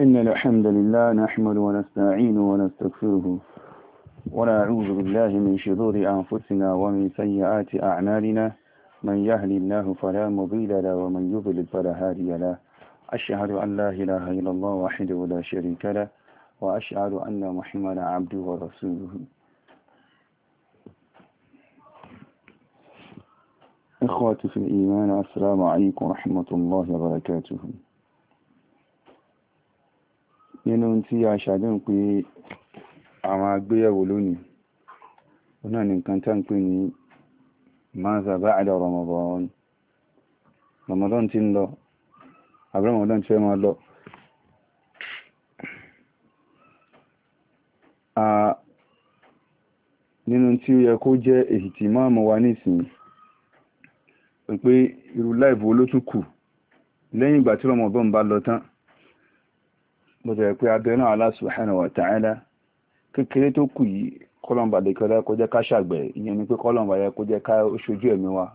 إن الحمد لله نحمد ونستعين ونستغفره ونعوذ بالله من شرور أنفسنا ومن سيئات أعمالنا من يهل الله فلا مضل له ومن يضلل فلا هادي له أشهد أن لا إله إلا الله وحده لا شريك له وأشهد أن محمدا عبده ورسوله إخواتي في الإيمان السلام عليكم ورحمة الله وبركاته nínú tí a ṣàdéhùn pé àwọn agbéyẹ̀wò lónìí ó náà nìkan tá ń pè ní maza ba'da Ramadan Ramadan ti ń lọ àbúrò Ramadan ti fẹ́ máa lọ nínú tí ó yẹ kó jẹ́ èhìtì máa mọ̀ wá nísìnyí pé irú láìbò olótùkù lẹ́yìn ìgbà tí Ramadan bá lọ tán bó ti rẹ̀ pé abẹ́ náà Allah subhanahu ta'ala kékeré tó kù yìí kọ́lọ́mbà lè kọ́lá kó jẹ́ ká ṣàgbẹ̀ ìyẹn ni pé kọ́lọ́mbà yẹ kó jẹ́ ká ṣojú ẹ̀mí wa lọ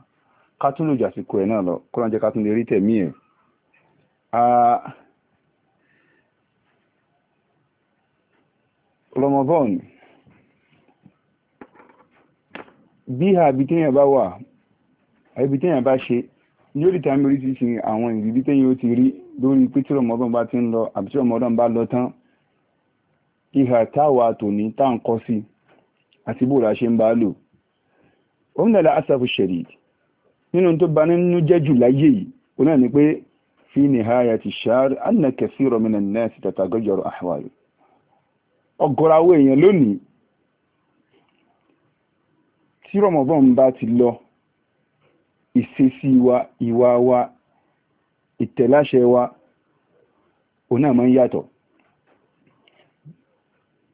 ká tún lè rí tẹ̀mí lórí pé tí ọmọdún bá ti ń lọ àbí tí ọmọdún bá lọ tán ìhà táwa tòní tá à sí àti bóòlù àṣẹ ń bá lò ó ń dàda asafu shadid nínú tó ba nínú jẹ́ jù láyé yìí ó náà ni pé fi nihayati shahr anna kathira minan nas tatagayyaru ahwalu ọ̀gọ̀rọ̀ àwọn èèyàn lónìí tí ọmọdún bá ti lọ ìṣesí wa ìwà wa ìtẹ̀láṣẹ wa òun náà máa ń yàtọ̀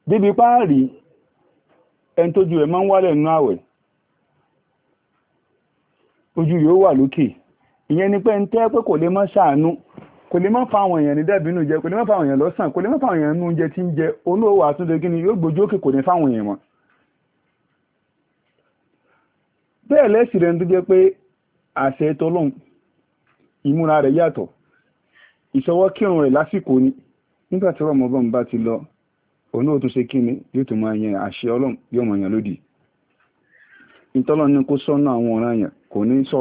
bíbi páàrí ẹn tójú rẹ̀ máa ń wálẹ̀ nínú àwẹ̀ ojú rẹ̀ ó wà lókè ìyẹn ni pé ń tẹ́ kò lè ṣàánú kò lè fa àwọn èèyàn ní dẹ́bìnú jẹ kò lè fa àwọn èèyàn lọ́sàn kò lè fa àwọn èèyàn oúnjẹ tí ń jẹ olóòwò àtúndé kí ni yóò gbójú òkè kò ní èèyàn mọ́ bẹ́ẹ̀ lẹ́sìn rẹ̀ ń tó jẹ́ ìmúra rẹ̀ yàtọ̀ ìṣọwọ́ kírun rẹ̀ lásìkò ni nígbà tí Ramadan bá ti lọ òun náà tún ṣe kí ni yóò tún máa yan àṣẹ Ọlọ́run yóò máa yan lódì ìtọ́lọ́ ni kó sọ́nà àwọn ọ̀ràn yẹn kò ní sọ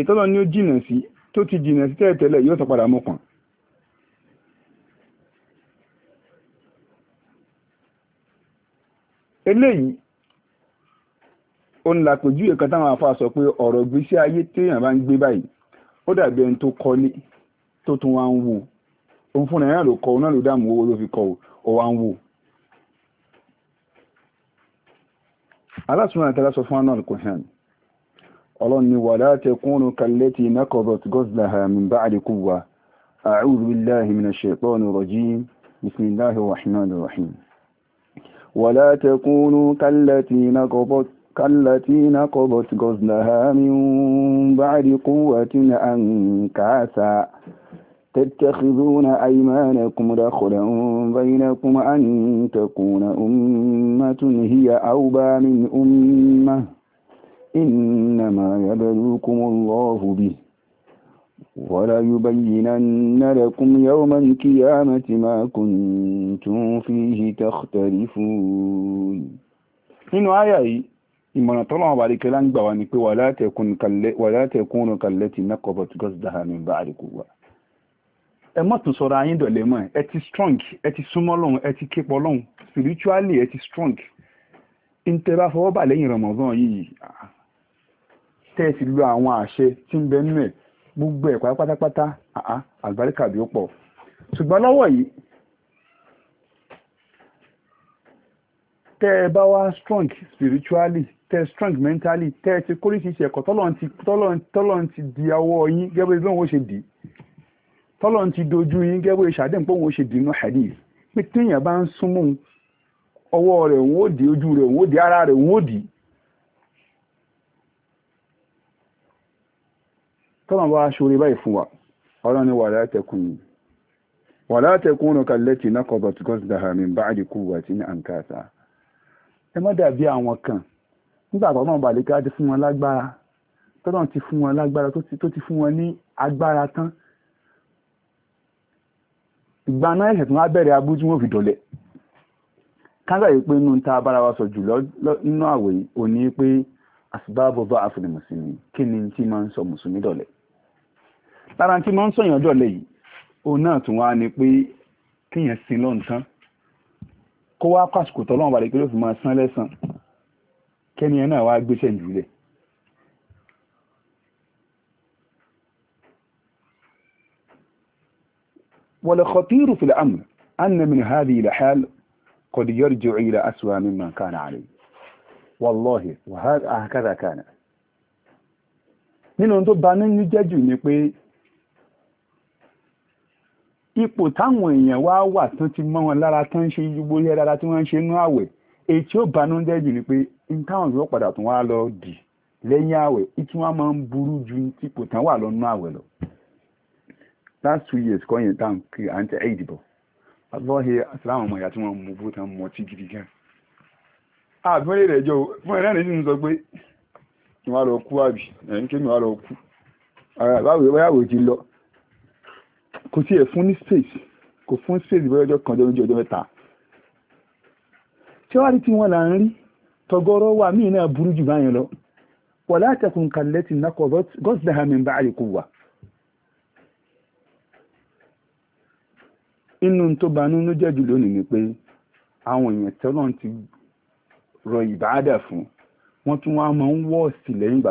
ìtọ́lọ́ ni ó jìnà sí tó ti jìnà sí tẹ́ẹ̀tẹ́lẹ̀ yóò tọ́ padà mọ́kàn eléyìí ó ń làpèjú ẹ̀kan táwọn afá sọ pé ọ̀rọ̀ ìgbésí ayé téèyàn bá ń gbé báyìí ó dàbí ẹni tó kọ́lé tó tún wá ń wò òun fúnra ẹ̀ náà ló kọ́ òun náà ló dààmú owó ló fi kọ́ ò wá ń wò. Allah subhanahu wa ta'ala sọ fún anáà al-Qur'an ọlọ́run ni wala takunu kallati naqadat ghazlaha min ba'di quwwa a'udhu billahi minash shaitani rajim bismillahir rahmanir rahim wala takunu kallati naqadat كالتي نقضت غزلها من بعد قوة أنكاسا تتخذون أيمانكم دخلا بينكم أن تكون أمة هي أوبى من أمة إنما يبلوكم الله به وليبينن لكم يوم القيامة ما كنتم فيه تختلفون. هنا آية ìmọ̀ràn tọ́lọ́wọ́n bá dikẹ́ láǹgbà wa ni pé wala takunu kallati naqabat ghazlaha min ba'di quwwa ẹ má tún sọ̀rọ̀ ayé dọ̀lẹ́ mọ́ ẹ ti strong ẹ ti súnmọ́ lọ́hùn ẹ ti képọ̀ lọ́hùn spiritually ẹ ti strong ntẹ́bá fọwọ́ bà lẹ́yìn Ramadan yìí tẹ́ ẹ sì lo àwọn àṣẹ tí ń bẹ nínú ẹ̀ gbogbo ẹ̀ pátápátá àlùbáríkà bí ó pọ̀ ṣùgbọ́n lọ́wọ́ yìí tẹ́ bá wá strong spiritually tẹ́ strong mentally tẹ́ ẹ ti kórìsìsì ẹ̀kọ́ tọ́lọ́n ti ti di ọwọ́ yín gẹ́gẹ́ bí wọ́n ṣe dì tọ́lọ́n ti dojú yín gẹ́gẹ́ bí wọ́n ṣe dì hadith pé téèyàn bá ń súnmọ́ ọwọ́ rẹ̀ ó di ojú rẹ̀ ara rẹ̀ òun ó di. tọ́lọ́n bá báyìí fún wa tẹkùn yìí tẹkùn kàlẹ́tì náà bá àdìkú wà ẹ má dàbí àwọn kan nígbà tó náà bàlíkà ti fún wọn lágbára tó náà ti fún wọn lágbára tó ti fún wọn ní agbára tán ìgbà náà ẹ̀sẹ̀ tó wá bẹ̀rẹ̀ abú tí wọ́n fi dọ̀lẹ̀ káńtà yìí pé inú ta bára wa sọ jùlọ nínú àwẹ̀ yìí ò ní pé àsìbábọ̀bọ̀ mùsùlùmí kí ni tí máa ń sọ mùsùlùmí dọ̀lẹ̀ lára tí máa ń sọ̀yàn dọ̀lẹ̀ yìí òun náà tún wá ni pé kíyàn sin lọ́ntán kó wá pàṣípò tọ́lọ́run balẹ̀ pé ló fi máa san lẹ́sàn kẹ́ni ẹ̀ wá gbéṣẹ́ jùlẹ̀ والخطير في الأمر أن من هذه الحال قد يرجع إلى أسوأ مما كان عليه والله وهذا هكذا كان nínú tó bà nínú jẹ́ ni pé ipò táwọn èèyàn wá wà tán ti mọ́ wọn lára tán ń ṣe gbogbo iṣẹ́ dáadáa tí wọ́n ń ṣe inú àwẹ̀ èyí tí ó banújẹ́ jù ni pé n táwọn yóò padà tún wá lọ dì lẹ́yìn àwẹ̀ ìtún wọn máa ń burú ju ipò tán wà lọ́nà àwẹ̀ lọ. last two years kọ́ yẹn tá à ń tẹ ẹ̀ ìdìbò lọ́hẹ̀ àtìláwọn ọmọ ìyá tí wọ́n mú bó tán mọ́ tí gidi gan. àbúrò rẹ̀ jọ fún ẹ̀rẹ́ rẹ̀ sì ń sọ pé kí wọ́n lọ kú àbí ẹ̀ ń kí wọ́n lọ kò sí ẹ̀ fún ní space kò fún space bẹ́ẹ̀ ọjọ́ kan ọjọ́ ọjọ́ mẹ́ta tí wàá rí tí wọ́n là ń rí tọgọrọ wà míì náà burú jù báyìí lọ wọ́n látẹ̀kùn gọ́sìdáhàmì bá àyíkú wà inú tó ba jẹ́ jù ni pé àwọn èèyàn ti rọ ìbáàdà fún wọ́n tún máa ń wọ́ọ̀sì lẹ́yìn ìgbà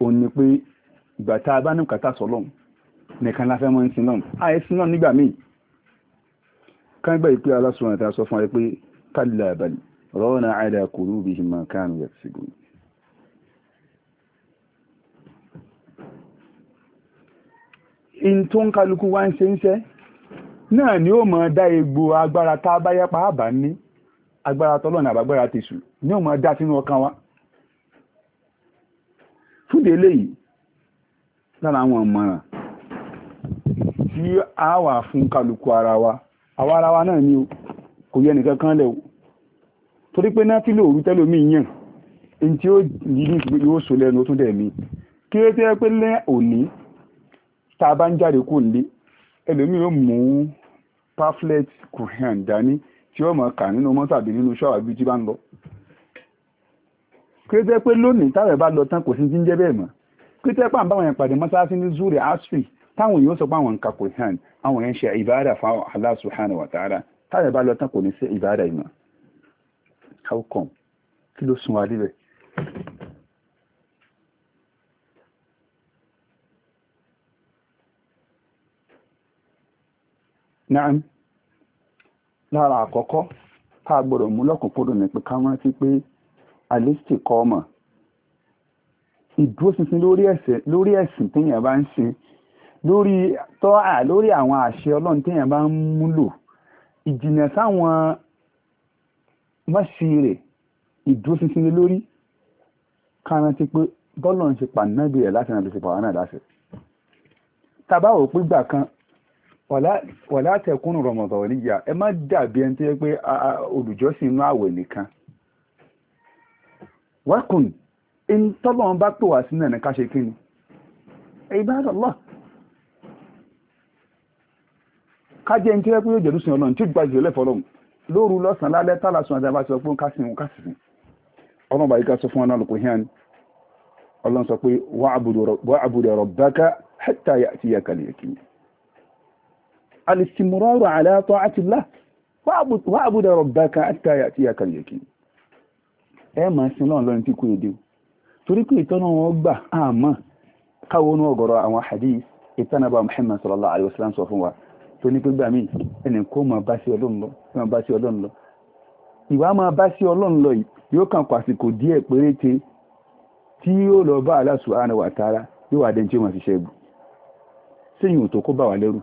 òun ni pé ìgbà tá a bá ní bùkátà sọ́lọ́n nìkan la fẹ́ mọ́ sí náà àìsí náà nígbà míì kángbà ìpé aláṣùwọ̀n àti aṣọ fún ẹ pé kálílà àbàlì rọ́ọ̀nà àìdá kòrú bí i ma káànù yà sí gùn in tó ń kálukú wá ń ṣe ń ṣẹ́ náà ni ó mọ̀ dá egbò agbára tá a bá yápa àbá ní agbára tọ́lọ́nà àbágbára tèṣù ni ó mọ̀ dá sínú ọkàn wa fún eléyìí lára àwọn ọ̀mọ̀ràn tí a wà fún kálukú ara wa àwa ara wa náà ni o kò yẹ nìkan kan lẹ̀ o torí pé náà fílò òru tẹ́lómi yàn èyí tí ó yìí ní yóò sọ lẹ́nu tó dẹ̀ mí kí ló tẹ́ pé lẹ́ òní tá a bá ń jáde kó lé ẹlòmíì ó mú pamphlet Quran dání tí ó mọ̀ kà nínú mọ́tàbí nínú ṣọ́ọ̀bù tí bá ń lọ kí ló jẹ́ pé lónìí táwọn ẹ̀ bá lọ tán kò sí jíjẹ́ bẹ́ẹ̀ mọ́ kí ló jẹ́ pé àbáwọn yẹn pàdé mọ́sáàsì ní zuri asri táwọn yóò sọ pé àwọn nǹkan kò hàn àwọn yẹn ṣe ìbáàdà Allah subhanahu wa ta'ala táwọn ẹ̀ bá lọ tán kò ní sí how come kí ló sun Naam. a gbọ́dọ̀ mú lọ́kùnkúndùn ní pé ká pé alistikọ́mọ̀ ìdúróṣinṣin lórí ẹ̀sìn téèyàn bá ń ṣe lórí tọ́à lórí àwọn àṣẹ ọlọ́run téèyàn bá ń múlò ìjìnà sáwọn mọ́ṣí rẹ̀ ìdúróṣinṣin lórí kárántí pé bọ́lọ̀ ń ṣe pàǹdánbì rẹ̀ láti ràn lè ṣe pàwọn náà láṣẹ tàbá ò pígbà kan wàlá tẹkùnù rọmọdọ̀ níyà ẹ má dàbí ẹni tó yẹ pé olùjọ́sìn inú àwẹ̀ nìkan wákùn in tọ́lọ́n bá pò wá sínú ẹ̀nà káṣe kí ni ibadallah kájẹ́ ní tí wọ́n pé yóò jẹ̀rú sí ọlọ́run tí ó gba ìjọ lẹ́fọ́ ọlọ́run lóru lọ́sàn-án lálẹ́ tálà sùn àti àbáṣọ fún ọlọ́run kò hàn ọlọ́run rabbaka hatta ya'tiyaka al-yaqin ẹ máa sin náà lọ́rin tí kò èdè torí pé ìtọ́nà wọn gbà àmọ́ káwọn onú ọ̀gọ̀rọ̀ àwọn hadith ìtànàbà Muhammad sallallahu alaihi wasallam sọ fún wa tó ní pígbà míì ẹnì kó máa bá sí ọlọ́run lọ ìwà máa bá sí ọlọ́run lọ yóò kàn pàṣípò díẹ̀ péréte tí yóò lọ bá Allah subhanahu wa ta'ala yóò wà dẹ́ntí wọn ṣiṣẹ́ ibù sẹ́yìn ò tó kó bà wà lẹ́rù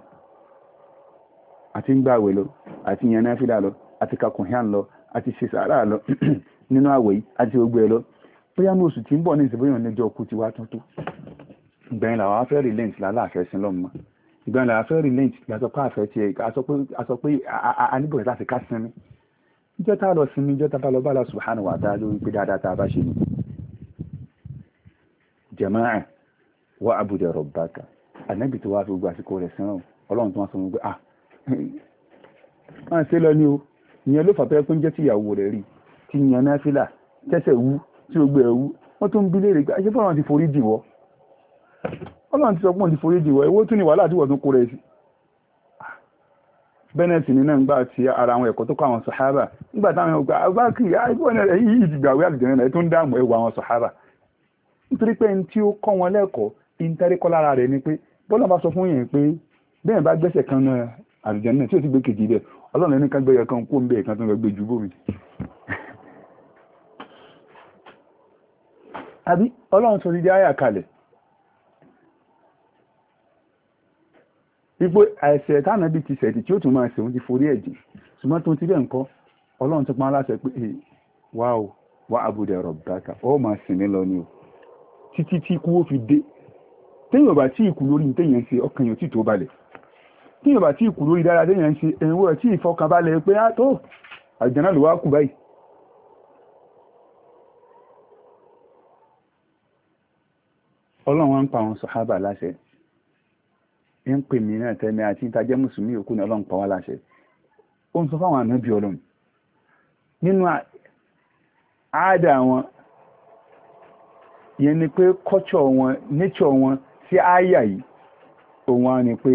àti ń gbàwẹ̀ lọ àti yẹn náà fìlà lọ àti kakùn hàn lọ àti ṣe sàárà lọ nínú àwẹ̀ yìí àti gbogbo ẹ̀ lọ bóyá ní oṣù tí ń bọ̀ ní ìsìnbóyàn níjọ́ kú ti wá tuntun ìgbẹ̀yìn làwọn afẹ́ relent lálàáfẹ́ sí lọ́mọ ìgbẹ̀yìn làwọn afẹ́ relent yàtọ̀ pé àfẹ́ tiẹ̀ aṣọ pé aníbọ̀rẹ̀ láti ká sinmi ìjọ tá a lọ sinmi ìjọ tá lọ bá lọ subhanahu wa ta'ala lórí pé dáadáa tá a bá ṣe ni. jama'a wa abudu rabbaka ànábì tó wá fi gbogbo àsìkò rẹ̀ sẹ́wọ̀n ọlọ́run tó wá sọ wọn pé ah máa ṣe lọ ni o ìyẹn ló fà pé ń jẹ́ tíyàwó rẹ̀ rí i ti yan náfìlà tẹ́sẹ̀ wú tí ó gbé ẹ̀wú wọ́n tó ń bi léèrè pé ṣé fọ́nrán ti forí jìwọ́ ọlọ́run ti sọ pé òun ti forí jìwọ́ ewó tún ní wàhálà tí wọ́n tún kó rẹ̀ sí bẹ́nẹ̀tì nínú ìgbà tí ara àwọn ẹ̀kọ́ tó kọ́ àwọn sàhábà nígbà táwọn ọgbà abákìrì àìbọ̀nà rẹ̀ yìí ti gbàwé àlùjẹ̀rẹ̀ rẹ̀ tó ń dààmú ẹwà àwọn sàhábà nítorí pé tí ó kọ́ wọn lẹ́kọ̀ọ́ ìntẹ́ríkọ́ lára rẹ̀ ni pé bọ́lá bá sọ fún yẹn pé bẹ́ẹ̀ bá gbẹ́sẹ̀ kan náà àlùjẹ̀rẹ̀ tí ó ti gbé kejì rẹ̀ ọlọ́run ẹni kan gbé yẹ kan kó ń bẹ́ẹ̀ kan tó ń gbé ju bómi àbí ọlọ́run sọ dídí àyà kalẹ̀ wípé àìsẹ̀ táànà bí ti sẹ̀tì tí ó tún máa sẹ̀wọ́n ti forí ẹ̀jì ṣùgbọ́n tó ti bẹ̀ ń kọ́ ọlọ́run tó pa aláṣẹ pé wà ó wà àbúdẹ̀ ọ̀rọ̀ bàkà ó máa sìn mí lọ ni o títí tí ikú ó fi dé téèyàn bá tí ikú lórí téèyàn ń ṣe ọkàn yóò tí tó balẹ̀ téèyàn bá tí ikú lórí dára téèyàn ń ṣe ẹ̀wọ̀n tí ìfọkànbalẹ̀ pé á tó àjànà ló kù báyìí ọlọ́run wá ń pa àwọn sọ̀hábà láṣẹ ń pè mí náà tẹ́mi àti ìtajẹ́ mùsùlùmí òkú ní ọlọ́run pa wá láṣẹ ó ń sọ fáwọn ànábì ọlọ́run nínú àádà wọn yẹn ni pé culture wọn nature wọn sí àyà yìí òun á ni pé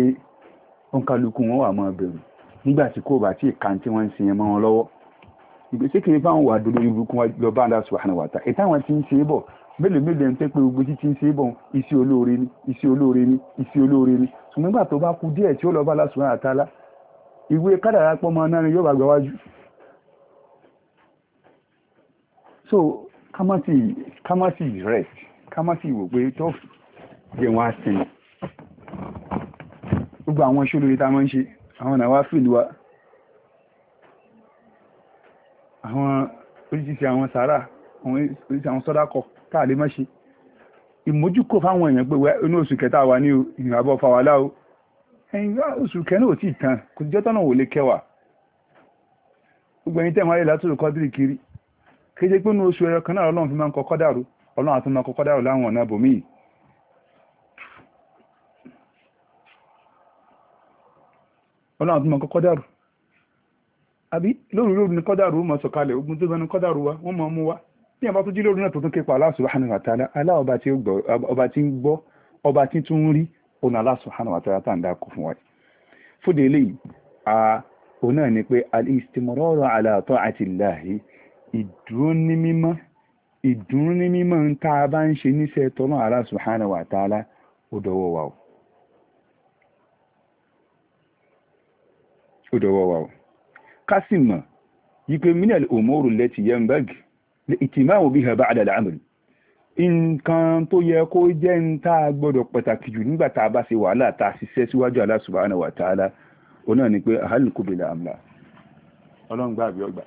òǹkàlùkù wọn wà máa bẹ̀rù nígbà tí kò bá tí ìka tí wọ́n ń sin yẹn mọ́ wọn lọ́wọ́ ìgbésí kìí fáwọn wà dúró ibùkún lọ bá Allah subhanahu wa ta'ala ìtàwọn ti ń ṣe é bọ̀ mélòó mélòó ẹni tẹ́ pé gbogbo títí ń ṣe bọ̀ iṣẹ́ olóore ni iṣẹ́ olóore ni iṣẹ́ olóore ni ṣùgbọ́n nígbà tó bá kú díẹ̀ tí ó lọ bá lásùn àtàlá ìwé kádàrá pọ́ mọ́ náà yóò bá gbà wájú. so kámásì kámásì rest kámásì wò pé tó jẹ wọn á sìn gbogbo àwọn iṣẹ́ olóore tá a máa ń ṣe àwọn náà wá fìlú wa àwọn oríṣiríṣi àwọn sàárà àwọn oríṣiríṣi àwọn sọ́dákọ̀ọ́ tá a lè má ṣe ìmójúkò fáwọn èèyàn pé inú oṣù kẹta wà ní ìrìnàbọ̀ o ẹ̀yìn oṣù kẹ náà ò tí ì tán kò náà wò lè kẹwàá gbogbo ẹ̀yin tẹ̀ máa látòrò kọ́dìrì kiri kéde pé inú oṣù ẹyọ kan náà ọlọ́run fi máa ń kọ́kọ́ dàrú ọlọ́run àti máa kọ́kọ́ dàrú láwọn ọ̀nà ọlọ́run àti máa kọ́kọ́ dàrú àbí lóru lóru ni kọ́dàrú wa wọ́n mọ̀ wa ní àbá tó jí lóru náà tó tún képa Allah subhanahu wa ta'ala Allah ọba tí ń gbọ́ ọba tí tún ń rí ọ̀nà Allah subhanahu wa ta'ala tá à ń dákọ̀ fún wa yìí fúdé eléyìí òun náà ni pé al-istimraru ala ta'atillahi ìdúró ní mímọ́ ìdúró ní mímọ́ ń tá a bá ń ṣe níṣẹ́ tọ́nà Allah subhanahu wa ta'ala ó o. ó dọwọ́ o. ká sì mọ̀ yí pé minal umuru lati ìtìmáwò bí hàn bá àdàdà àmìrì nǹkan tó yẹ kó jẹ́ ń tá a gbọ́dọ̀ pàtàkì jù nígbà tá a bá ṣe wàhálà tá a ṣiṣẹ́ síwájú Allah subhanahu wa ta'ala ó náà ni pé àhálì kò bèèrè àmìlà ọlọ́run gbà àbí ọgbà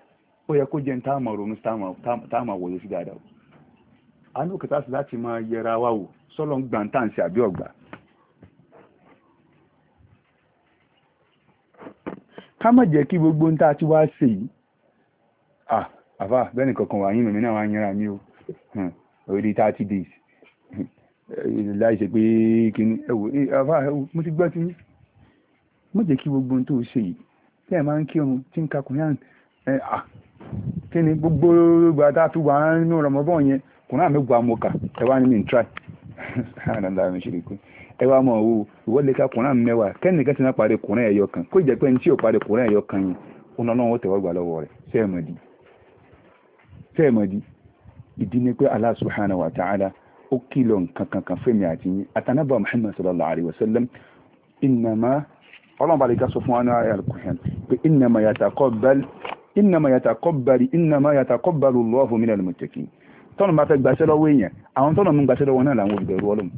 ó yẹ kó jẹ́ ń tá a mọ̀ ronú tá a mọ̀ wòye sí dáadáa o a ní òkèta sí láti máa yẹra wa wò sọ́lọ́ ń gbà ń ṣe àbí ọgbà ká má jẹ́ kí gbogbo ń tá a ti wá ṣe yìí àfà bẹ́ẹ̀ni kankan wà yín mẹ́mí náà wà yín ra mi o orí thirty days láì ṣe pé kíní ẹwò àfà mo ti gbọ́ ti yín mo jẹ́ kí gbogbo ohun tó ṣe yìí tí ẹ̀ máa ń kírun tí ń kakùn yàn ẹ̀ à kí ni gbogbo gbàdá tó wà nínú rọmọbọ́n yẹn kùnà mi gba mọ́ka ẹ wá ní mi n try àdàndà mi ṣe lè kú ẹ wá mọ̀ owó ìwọ́lẹ̀ ká kùnà mẹ́wàá kẹ́nìkan ti náà parí kùnà ẹ̀yọ kan kó ìjẹ́ ní tí ò parí kùnà ẹ̀yọ kan yìí ó náà náà wọ́n tẹ̀wọ́ gbà lọ́wọ́ rẹ̀ ṣé sẹ́ẹ̀mọ̀dí ìdí ni pé Allah subhanahu wa ta'ala ó kìlọ̀ nǹkan kankan fẹ́mi àti yín àtànábà Muhammad sallallahu alayhi wa sallam innama ọlọ́mọba lè ká sọ fún wa náà al-Qur'an pé innama yataqabbal innama yataqabbal innama yataqabbalu Allahu tọ́nà bá fẹ́ gbaṣẹ́ lọ́wọ́ èèyàn àwọn tọ́nà mú gbaṣẹ́ lọ́wọ́ náà làwọn olùbẹ̀rù Ọlọ́run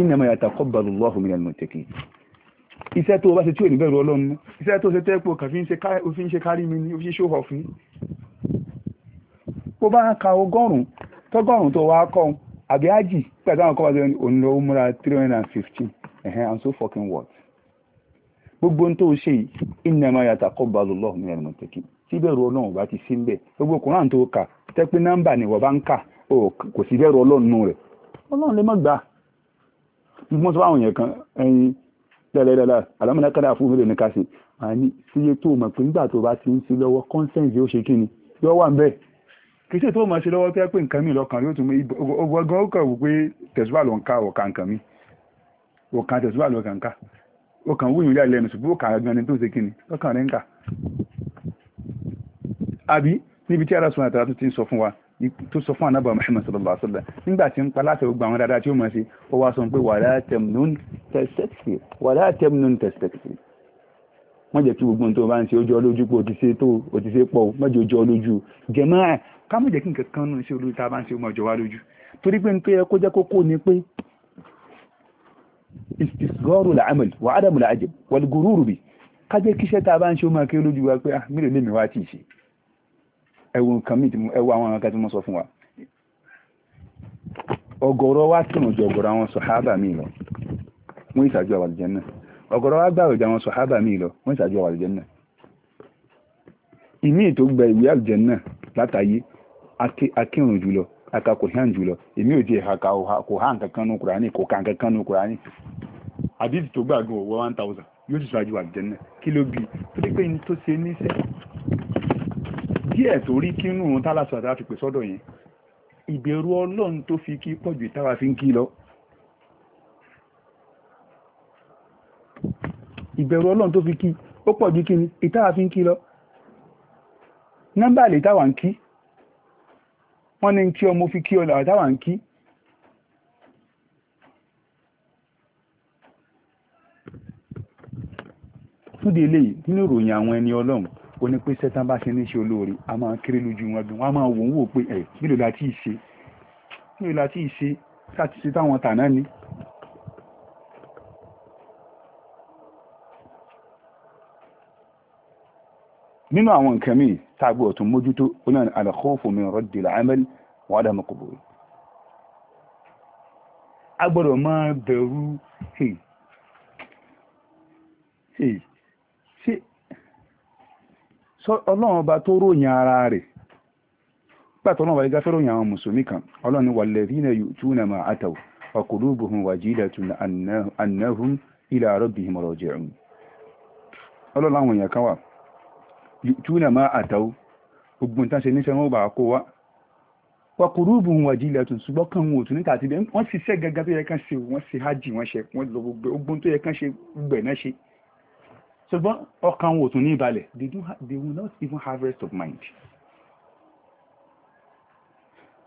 innama yataqabbalu Allahu minal muttaqin iṣẹ́ tó o bá ṣe tí ò ní bẹ̀rù ọlọ́run ní iṣẹ́ tó ṣe tẹ́pọ̀ kàn fi ń ṣe kárí mi ní òfin ṣòwò fún bó bá ń ka ọgọ́rùn-ún tọ́gọ́rùn-ún tó wá kọ́ àbí ájì pẹ̀lú àwọn kọ́ba òun lọ ó múra three hundred and fifteen ẹ̀hẹ́n and so fucking what gbogbo ohun tó o ṣe yìí innama yataqabbalu Allahu minal muttaqin síbẹ̀rù ọlọ́run bá ti sí ń bẹ̀ gbogbo Kùránì tó kà tẹ́pẹ́ nọ́mbà ni wọ́n bá ń kà kò sí bẹ̀rù ọlọ́run nù rẹ̀ ọlọ́run lè má gbà á mo sọ àwọn yẹn kan ẹyin lẹ́lẹ́lẹ́lẹ́ àlámọ́lá kádà fún fèrè nìkan sí màá ní síye tó mọ̀ pé nígbà tó bá ti ń sí lọ́wọ́ consent yóò ṣe kí ni yóò wà ń bẹ́ẹ̀ kì í ṣe tó máa ṣe lọ́wọ́ tẹ́ pé nǹkan mi lọ́kàn yóò tún mú ọgbọ́n ó kàn pé tẹ̀síwá ló ń ka ọ̀ka nǹkan mi ọ̀ka tẹ̀síwá ló kàn ká ọ̀kan wúyìn ilé ṣùgbọ́n ọ̀ka ni tó ṣe kí ni lọ́kàn tó sọ fún anábà Muhammad sallallahu alaihi wasallam nígbà tí ń pa láti gbogbo àwọn dáadáa tí ó mọ̀ sí ó wá sọ pé wala tamnun tastakthir wala tamnun tastakthir wọ́n jẹ́ kí gbogbo ohun tó bá ń ṣe ojú ọlójú pé òtíṣe tó òtíṣe pọ̀ mọ́jọ ojú ọlójú jẹ̀mọ́ ká mọ̀ jẹ́ kí nǹkan kan nù sí olójú tá a bá ń ṣe ọmọ ọjọ́ lójú torí pé nítorí ẹ kó jẹ́ kókó ni pé istisgọ́rù làámẹ̀lì wà á dàmù làájẹ̀ wal ká jẹ́ kíṣẹ́ tá a bá ń ṣe ọmọ akérè lójú wa pé ah mílíọ̀nù mi wá ti ṣe ẹwọ nǹkan míì ẹwọ àwọn nǹkan tí wọ́n sọ fún wa wa kírun ju ọ̀gọ̀rọ̀ àwọn sọ̀hábà lọ wọ́n ìṣàjú àwọn àlùjánnà ọ̀gọ̀rọ̀ wa gbààwẹ̀ ju àwọn sọ̀hábà míì lọ wọ́n ìṣàjú àwọn ìmí gba ìwé látàyé akírun jùlọ aka hàn jùlọ èmi ò aka kò hàn kankan nù kùránì kò kàn kankan tó gbàgbọ́ one thousand yóò ti sọ àjù kí ló bí pé ní tó díẹ̀ tó rí kínú tálàsù àtàrà fi pè sọ́dọ̀ yẹn ìbẹ̀rù ọlọ́run tó fi kí pọ̀jù ìtara fi ń kí lọ ìbẹ̀rù ọlọ́run tó fi kí ó pọ̀jù kí ni ìtara fi ń kí lọ nọ́mbà lè táwà ń kí wọ́n ní kí ọmọ fi kí ọlọ́ àtàwà ń kí fúdí eléyìí nínú ìròyìn àwọn ẹni ọlọ́run ó ní pé sẹ́tàn bá ṣe ní ṣe olóore a máa kéré lójú wọn gan wọn máa wò ń wò pé ẹ̀ nílò láti ṣe nílò láti ṣe láti ṣe táwọn tàná ni. nínú àwọn nǹkan míì tá a gbọ́dọ̀ tún mójútó ó náà al-khawfu min raddil amal wa adam qabul a gbọ́dọ̀ máa bẹ̀rù ọlọ́run ọba tó ròyìn ara rẹ̀ pàtó ọlọ́run ọba lè gáfẹ́ ròyìn àwọn mùsùlùmí kan ọlọ́run ni walladhina yu'tuna ma ataw wa qulubuhum wajilatun annahum ila rabbihim raji'un ọlọ́run àwọn èèyàn kan wà yu'tuna ma ataw gbogbo nǹkan ṣe níṣẹ́ wọn bá kó wa wa qulubuhum wajilatun ṣùgbọ́n kan wọn ò tún níta àti bẹ́ẹ̀ wọ́n ṣiṣẹ́ gangan tó yẹ kán ṣe wọ́n ṣe hajj wọ́n ṣe wọ́n lọ gbogbo tó yẹ kán ṣe gbẹ̀ náà ṣe ṣùgbọ́n ọkàn wọn ò tún ní ìbalẹ̀ they don't have, they will not even have rest of mind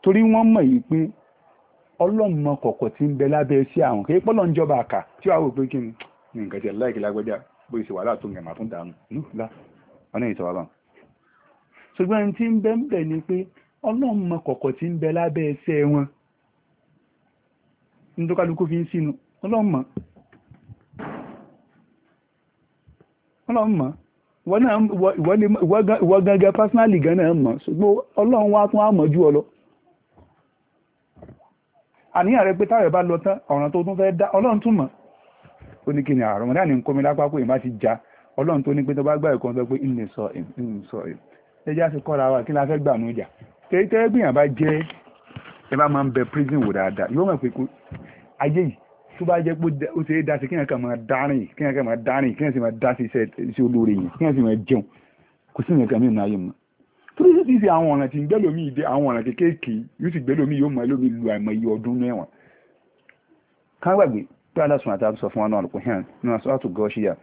torí wọ́n mọ̀ yìí pé ọlọ́mọ kọ̀kọ̀ tí ń bẹ lábẹ́ sí àwọn kí pọ́lọ́ ń jọba àkà tí wàá wò pé kí ni nǹkan tí aláìkí lágbẹ́jà bó ṣe wàhálà tó yàmà fún dànù nígbà ọ̀nà ìtọ́wà bá ṣùgbọ́n ẹni tí ń bẹ ń bẹ ni pé ọlọ́mọ kọ̀kọ̀ tí ń bẹ lábẹ́ ẹsẹ̀ wọn ní tó kálukú fi ń sínú ọlọ́mọ ọlọ́run mọ̀ ìwọ gangan personally gan náà mọ̀ ṣùgbọ́n ọlọ́run wá tún á mọ̀ ju ọ lọ àníyàn rẹ pé táwọn ẹ̀ bá lọ tán ọ̀ràn tó tún fẹ́ dá ọlọ́run tún mọ̀ ó ní kí ni àrùn mọ̀dá ní nǹkan mi lápá pé ìbá ti já ọlọ́run tó ní pé tó bá gbà ẹ̀kọ́ sọ pé ìnì sọ ìnì sọ ẹ̀ ẹjẹ́ á sì kọ́ra wa kí la fẹ́ gbà nújà tẹ́tẹ́ gbìyànjú bá jẹ́ ẹ bá máa ń bẹ prison wò dáadáa yóò mọ̀ pé ayé yìí tó bá jẹ́ pé ó ṣe é dá sí kíyàn kan máa dárìn kíyàn kan máa dárìn kíyàn sì máa dá sí iṣẹ́ olóore yẹn kíyàn sì máa jẹun kò sí nǹkan mìíràn ayé mọ́ torí ṣe ti ṣe àwọn ọ̀ràn tí ń gbẹ́ lómi ìdí àwọn ọ̀ràn kéékèèké yóò sì gbẹ́ lómi yóò mọ lómi lu àìmọye ọdún mẹ́wọ̀n ká gbàgbé pé aláṣùn àti àbúsọ fún wa náà lọ́pọ̀ hàn ní wọn sọ́tò gọ́ṣíyà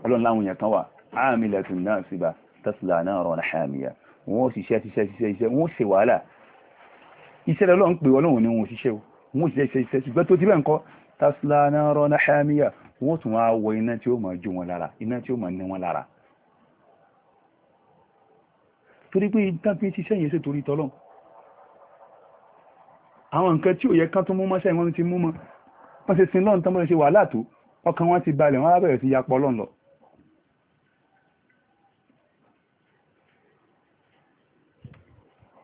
ọlọ́run láwọn èèyàn kan tásílá náà rọ́nà hàmíyà wọ́n tún wá wọ iná tí ó máa jó wọn lára iná tí ó máa ní wọn lára torí pé ìtàn fi ṣiṣẹ́ yẹn sí torí tọ́lọ́ àwọn nǹkan tí ò yẹ kán tó mú mọ́ṣẹ́ wọn ti mú mọ́ wọ́n ṣe sin lọ́n tán mọ́ ṣe wàhálà ọkàn wọn ti balẹ̀ wọn á sí yapọ̀ lọ́n lọ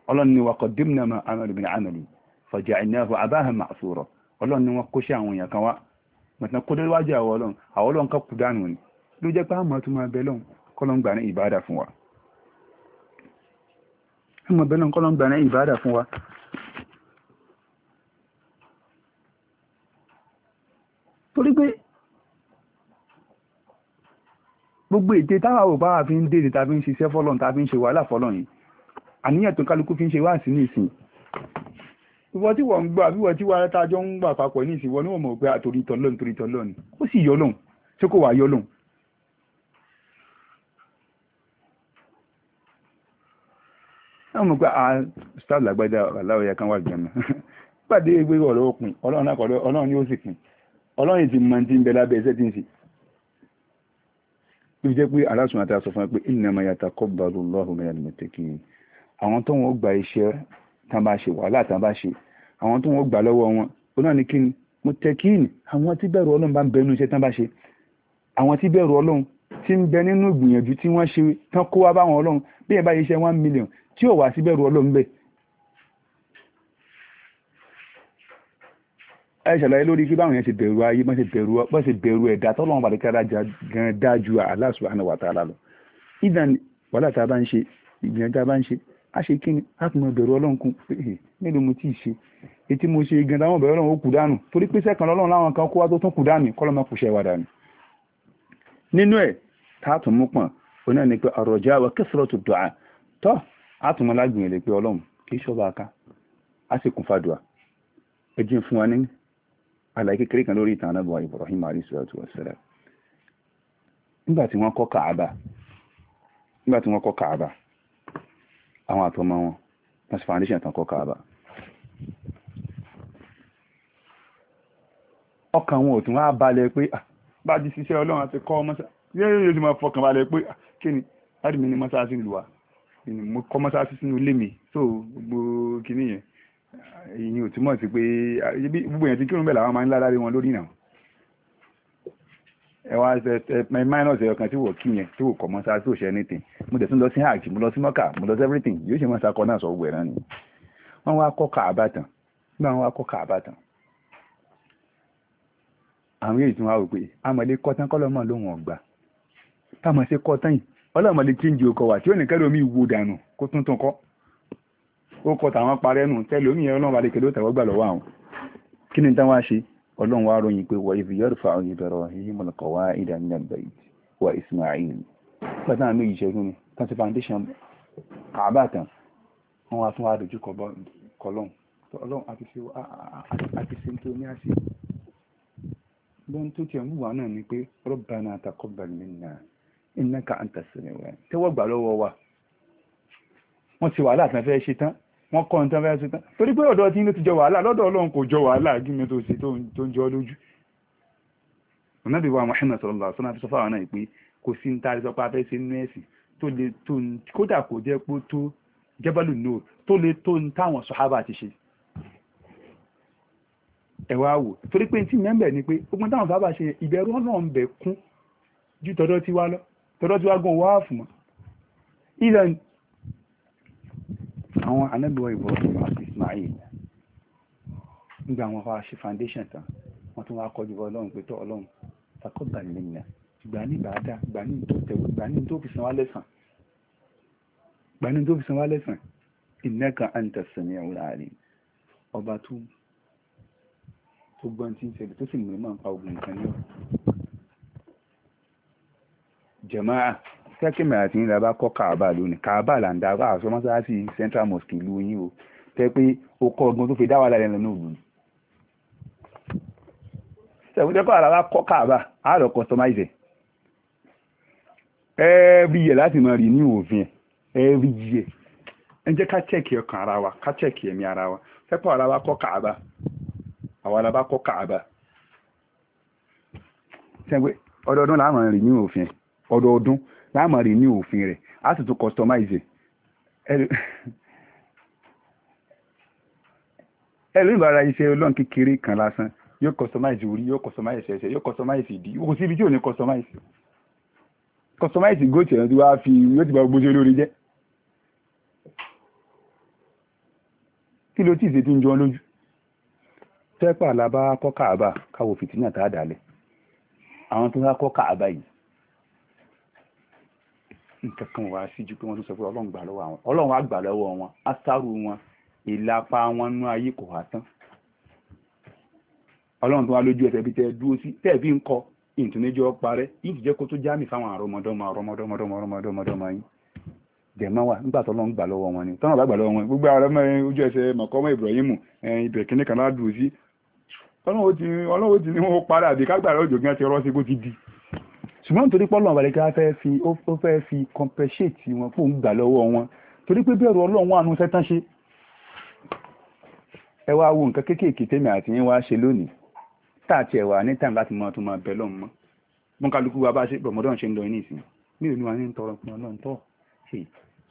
ọlọ́run ni wàkọ̀ dìmnàmà amẹ́rùn-ún fàjà abáhàmà àṣúrọ̀ ọlọ́run ni wọ́n kó ṣe àwọn èèyàn kan wá mọ̀tàn kó déwájú àwọn ọlọ́run àwọn ọlọ́run kan kú dànù ni ló jẹ́ pé àmọ́ tó máa bẹ lọ́hùn kọ́lọ́n gbà ní ìbáàdà fún wa àmọ́ bẹ lọ́hùn kọ́lọ́n gbà ní ìbáàdà fún wa torí pé gbogbo ète táwa ò bá wa fi ń dèrè ta ń ṣiṣẹ́ fọ́lọ́n ta ń ṣe wàhálà fọ́lọ́n yìí àníyàn tó kálukú fi ń ṣe wáàsí ní ìsìn ìwọ tí wọ́n ń gbà bí wọ́n tí wọ́n tá a jọ ń gbà papọ̀ ní ìsìnwọ́n ní wọ́n mọ̀ pé àtòrí tọ́lọ́n torí tọ́lọ́n ó sì yọ lóhùn tí kò wá yọ lóhùn. wọ́n mọ̀ pé à staff làgbàdà aláwọ̀ ya kan wà jẹun pàdé gbé ọ̀rọ̀ òpin ọlọ́run náà kọ̀ọ̀dọ̀ ọlọ́run ni ó sì pin ọlọ́run ti mọ ti ń bẹ lábẹ́ ẹsẹ̀ tí ń sì. bí jẹ́ pé aláṣùn àti aṣọ fún ẹ pé innama àwọn tó wọ́n gbà lọ́wọ́ wọn ó ní kí ni mùtẹ́kìn àwọn tí bẹ̀rù ọlọ́run bá ń bẹ nínú iṣẹ́ tán bá ṣe àwọn tí bẹ̀rù ọlọ́run tí ń bẹ nínú ìgbìyànjú tí wọ́n ṣe tán kó wá báwọn ọlọ́run bí bá yẹ iṣẹ́ one million tí ò wá sí bẹ̀rù ọlọ́run bẹ̀. ẹ ṣàlàyé lórí pé báwọn yẹn ṣe bẹ̀rù ayé bọ́n ṣe bẹ̀rù bọ́n ṣe bẹ̀rù ẹ̀dá tọ́lọ́run bàdé kára gan dájú Allah subhanahu wa ta'ala lọ. ìdàn wàhálà tá a bá ń ṣe ìgbìyànjú tá a bá ń ṣe a ṣe kí ni láti mọ ìbẹ̀rù ọlọ́run kún pé ẹ̀ mélòó mo tí ì ṣe ètí mo ṣe gan dáwọn ìbẹ̀rù ọlọ́run ó kù dànù torí pé sẹ́kàn ọlọ́run láwọn kan kó wá tó tún kù dànù kọ́ lọ́mọ kù ṣe wà dànù. nínú ẹ̀ tá a tún mú pọ̀n òun náà ni pé àròjá wa kẹsàrọ̀ tó dùn á tọ́ a tún mọ lágbìyàn lè pé ọlọ́run kì í ṣọba aka a sì kún fàdùà ẹ jẹ́ fún wa ní àlàyé kékeré kan lórí ìtàn anábọ̀ Ibrahim alayhi salatu wassalam nígbà tí wọ́n àwọn àtọmọ wọn wọ́n foundation tán kọ́ Kaaba ọkàn wọn ò tún wá balẹ̀ pé ah, bá di ṣiṣẹ́ ọlọ́run àti kọ́ mọ́sá yóò ti máa fọkàn balẹ̀ pé ah, kí ni láti mi ní mọ́sáàsì ìlú wa mo kọ́ mọ́sáàsì sínú ilé mi so gbogbo kìíní yẹn ìyìn ò túmọ̀ sí pé gbogbo yẹn ti kírun bẹ́ẹ̀ làwọn máa ń ládàrí wọn lórí náà ẹ wá ẹ minus ẹyọ kan tí wò kí yẹn tí wò kọ̀ mọ́ sáà tí ò ṣe anything mo dẹ̀ tún lọ sí hajj mo lọ sí mọ́kà mo lọ sí everything yóò ṣe máa sakọ náà sọ gbogbo ẹ̀ náà ni wọ́n wá kọ́ kàábà tán nígbà wọn wá kọ́ kàábà tán àwọn èyí tí wọ́n á wò pé amọ̀lé kọ́tán kọ́lọ́mọ̀ lóhùn ọ̀gbà táwọn ṣe kọ́tán yìí ọlọ́mọ̀lé chíńjì okọ̀ wà tí ó ní kẹ́lómi wo dànù kó tuntun kọ́ ó kọ tàwọn parẹ́nu tẹ́lómi yẹn ọlọ́mọ̀lé kẹ́ló tẹ̀wọ́gbà lọ́wọ́ àwọn kí ni táwọn á ṣe ọlọ́run wá ròyìn pé wà ìfì yarfa Ibrahim al-qawa'ida min al-bayt wa Ismail pẹ̀lú àwọn méjì ṣẹ́gun ni tàbí foundation kàbá kan wọ́n wá tún wá dojú kọlọ́n ọlọ́run àti ṣe tó ní àṣẹ bọ́n tó tiẹ̀ ń wà náà ni pé Rabbana taqabbal minna innaka anta as-sami'ul 'alim tẹ́wọ́ gbà lọ́wọ́ wa wọ́n ti wà láti fẹ́ ṣe tán wọ́n kọ́ nǹkan fẹ́ ṣe torí pé ọ̀dọ̀ tí ń ti jọ wàhálà lọ́dọ̀ ọlọ́run kò jọ wàhálà gímẹ̀ tó ṣe tó ń jọ lójú ọ̀nàbí wa Muhammad sallallahu alaihi wasallam fi sọ fáwọn náà pé kò sí ń tari sọ pé a fẹ́ ṣe nínú ẹ̀sìn tó le tó ń kódà kò jẹ́ pé tó jẹ́bẹ́lù nù tó le tó ń táwọn sọ̀hábà ti ṣe ẹ wá wò torí pé tí mẹ́mbẹ̀ ni pé ogun táwọn sọ̀hábà ṣe ìbẹ̀rù ọlọ́run bẹ̀ kún ju tọ́dọ̀ tiwa lọ tọ́dọ̀ tiwa gan wá fún mọ́ àwọn anábìwọ̀ Ibrahim àti Ismail nígbà wọn wá ṣe foundation tán wọ́n tún wá kọjú ọlọ́run pé tó ọlọ́run takọ́gbà lẹ́yìn gbà ní bàádà gbà ní tó tẹ̀wé gbà ní tó fi san wá lẹ́sàn gbà ní tó fi san wá lẹ́sàn ìnẹ́ka àǹtà sẹ̀mí ọ̀rọ̀ àrí ọba tó gbọ́n tí ń ṣẹlẹ̀ tó sì mú ìmọ̀ nípa ogun nǹkan ní jama'a sẹ́kìmì àti yín lábá kọ́ kaaba lónìí kaaba là ń da mọ́sáàsì central mosque ìlú o tẹ́ pé ó kọ́ ọgbọ́n tó fi dá wàhálà lẹ́nu náà lónìí. sẹ́kìmì kọ́ kaaba every year láti máa rí ní òfin year ẹ ká láàmọ̀ rí ní òfin rẹ̀ á sì tún customize e. ẹlú ìbára iṣẹ́ ọlọ́run kékeré kan lásán yóò customize orí yóò customize ẹsẹ̀ yóò customize ìdí kò síbi tí ò ní customize customize góòtì ẹ̀rọ tí wàá fi yóò ti bá gbogbo ṣe lórí jẹ́ kí ló tí ì ṣe tí ń jọ lójú tẹ́pà la bá kọ́ kàába káwo fìtínà tá a dálẹ̀ àwọn tó ń kọ́ kàába yìí nǹkan kan wàá síjú pé wọ́n tún sọ pé ọlọ́run gbà lọ́wọ́ àwọn ọlọ́run á gbà lọ́wọ́ wọn ásáru wọn ìlapa wọn nú ayé kò wá tán ọlọ́run tó wá lójú ẹsẹ̀ bí tẹ dúró sí tẹ̀bí ń kọ ìtúnẹ́jọ́ parẹ́ yìí ti jẹ́ kó tó jáàmì fáwọn àrọmọdọ́mọ àrọmọdọ́mọ àrọmọdọ́mọ yìí dẹ̀mọ́ wà nígbà tó lọ́n gbà lọ́wọ́ wọn ni tọ́nà bá gbà lọ́wọ́ wọn gbogbo ara mẹ́rin ojú ẹsẹ̀ mọ̀kọ́mọ́ Ibrahim ibẹ̀ kìnnìkan ládùú sí ọlọ́wọ́ ti ní wọ́n padà bí kágbà lọ́jọ́ gan ti rọ́ sí bó ti di ṣùgbọ́n nítorí pọ́lọ́ àbàlẹ́kẹ́ fẹ́ fi ó fẹ́ fi compensate wọn fún gbà lọ́wọ́ wọn torí pé bẹ̀rù ọlọ́run àánú sẹ́tán ṣe ẹ wo nǹkan kéékèèké tèmi àti yín wá ṣe lónìí tá àti ẹ̀wà ní time láti máa tún máa bẹ̀ lọ́mọ mọ́ wọn kálukú wa bá ṣe rọmọdọ́n ṣe ń lọ ní ìsìn mí ò ní wa ní ń tọrọ pin ọlọ́run tọ́ ṣe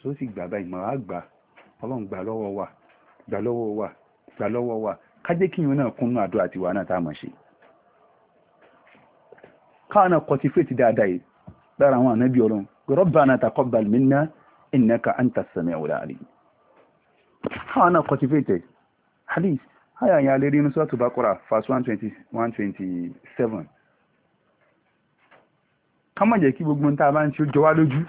tó sì gbà báyìí màá gbà ọlọ́run gbà lọ́wọ́ wa gbà lọ́wọ́ wa gbà lọ́wọ́ wa ká jẹ́ kíyàn náà kúnnú àdúrà tiwa náà tá a mọ̀ ṣe káwọn náà kọtí fèètì dáadáa yìí lára àwọn ànábì ọlọ́run rabbana taqabbal minna innaka anta as-sami'ul 'alim káwọn náà kọtí fèètì hadith haya yẹn alẹ́ rí inú sọ́ọ̀tù Baqara verse one twenty one jẹ́ kí gbogbo nta bá ń ṣe jọ jọ wá lójú.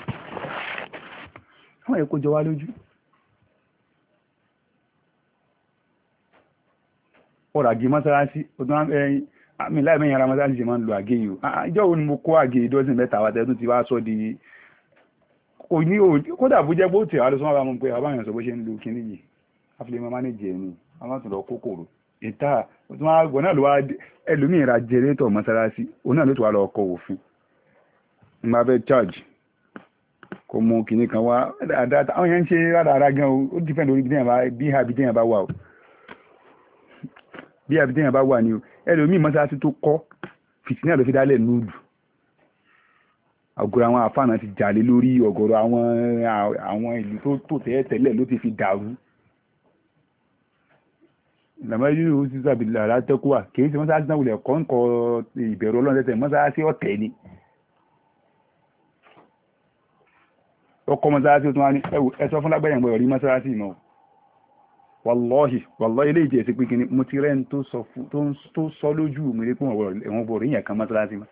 ọ̀rọ̀ àgbè mọ́sálásí ọdún ẹ̀yìn àmì ah, láì mẹ́yìn ramadan ṣe máa ń lo àgé yìí o ah, ah, ìjọ wo ni mo kó àgé dọ́sìn mẹ́ta wa tẹ́tún ti wá sọ di kò ní o kódà bó jẹ́ bó tẹ̀ wá lọ sọ́mọ́ bá mọ̀ pé bàbá sọ bó ṣe ń lo kíní yìí àfilẹ̀ mọ́ mánéjì ẹ̀ ni a máa tún lọ kókòrò ìta tí wọ́n á gbọ́ náà ló wá ẹlòmíì ra jẹrẹ́tọ̀ mọ́sálásí òun náà ló ti wá lọ kọ òfin nígbà fẹ́ charge kò mú kíní kan wá àdáta àwọn yẹn ń ṣe rádaràda gan o ó dìfẹ́ lórí bí àbí téèyàn bá wà o bí àbí téèyàn bá wà ni o ẹlòmíì mọ́sálásí tó kọ́ fìtínà ló fi dálẹ̀ núdù ọ̀gọ̀rọ̀ àwọn àfààná ti jalè lórí ọ̀gọ̀rọ̀ àwọn àwọn ìlú tó tò tẹ́lẹ̀ tẹ́lẹ̀ ló ti fi dàrú làmájú yóò ti sàbìlà látẹ́kùwà kì í ṣe mọ́sálásí náà wulẹ̀ kọ́ńkọ́ ìbẹ̀rù ọlọ́run tẹ́tẹ́ mọ́sálásí ọ̀tẹ̀ ni ọkọ̀ mọ́sálásí tó wá ní ẹ fún lágbàáyàn gbọ́dọ̀ rí mọ́sálásí mọ́ o wàlọ́hì wàlọ́hì ilé ìjẹ́ sí pé kíni mo ti rẹ́ni tó sọ lójú mi rí pé ẹ̀wọ̀n bọ̀rọ̀ yìnyẹn kan mọ́sálásí mọ́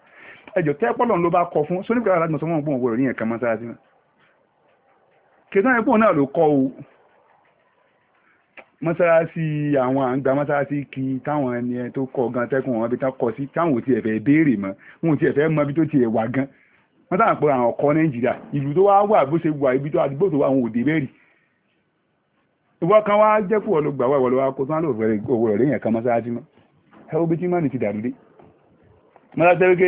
ẹjọ́ tẹ́pọ̀lọ̀ ló bá kọ fún sóníkà aláàdì mọ̀ sọ́wọ́n gbọ́n bọ̀rọ̀ yìnyẹn kan mọ́sálásí mọ́ kẹsàn-án ẹ̀pọ̀ náà ló o mọ́sálásí àwọn àǹgbà mọ́sálásí kí táwọn ẹni ẹ tó kọ gan tẹ́kùn wọn bí tán kọ sí táwọn ò tiẹ̀ fẹ́ béèrè mọ́ wọn ò tiẹ̀ fẹ́ mọ ibi tó tiẹ̀ wà gan wọ́n táwọn pé àwọn ọkọ Nàìjíríà ìlú tó wá wà bó ṣe wà ibi tó àdúgbò tó wà àwọn ìwọ kan wá jẹ́ pọ̀ ló gbà wá ìwọ ló wá kó sán lò fẹ́rẹ̀ owó ẹ̀rẹ́ yẹn kan mọ́sáájú mọ́ ẹ bí tí mọ́ni ti dàrú dé mọ́sáájú pé